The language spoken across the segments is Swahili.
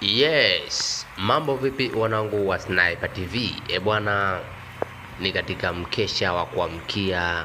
Yes, mambo vipi wanangu wa Sniper TV? E eh, bwana, ni katika mkesha wa kuamkia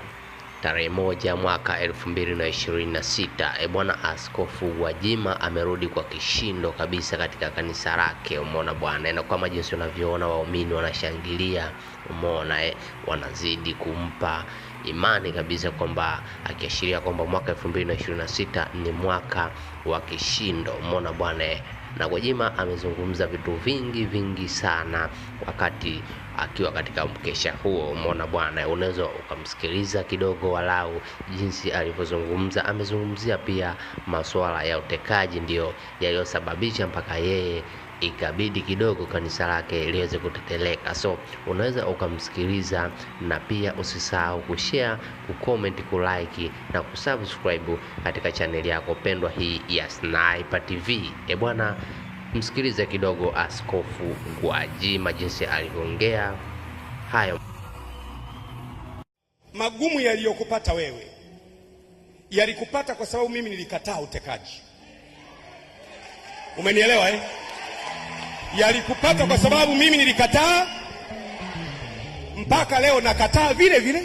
tarehe moja mwaka elfu mbili na ishirini na sita. E bwana, Askofu Gwajima amerudi kwa kishindo kabisa katika kanisa lake, umeona bwana. Eh, na kama jinsi unavyoona waumini wanashangilia, umeona e, wanazidi kumpa imani kabisa kwamba akiashiria kwamba mwaka elfu mbili na ishirini na sita ni mwaka wa kishindo, umeona bwana e, na Gwajima amezungumza vitu vingi vingi sana wakati akiwa katika mkesha huo. Umeona bwana, unaweza ukamsikiliza kidogo walau jinsi alivyozungumza. Amezungumzia pia masuala ya utekaji, ndiyo yaliyosababisha mpaka yeye ikabidi kidogo kanisa lake liweze kuteteleka. So unaweza ukamsikiliza, na pia usisahau kushare, kucomment, kulike na kusubscribe katika chaneli yako pendwa hii ya Sniper TV. E bwana, msikilize kidogo Askofu Gwajima jinsi alivyoongea hayo magumu yaliyokupata wewe yalikupata kwa sababu mimi nilikataa utekaji. Umenielewa eh? yalikupata kwa sababu mimi nilikataa, mpaka leo nakataa vile vile.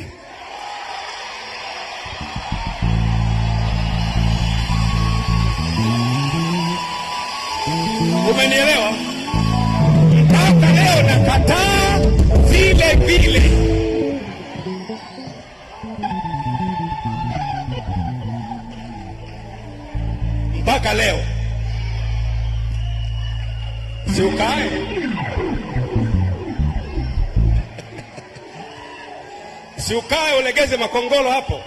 Umenielewa? Mpaka leo nakataa vile vile. Mpaka leo si ukae si ukae, ulegeze makongolo hapo.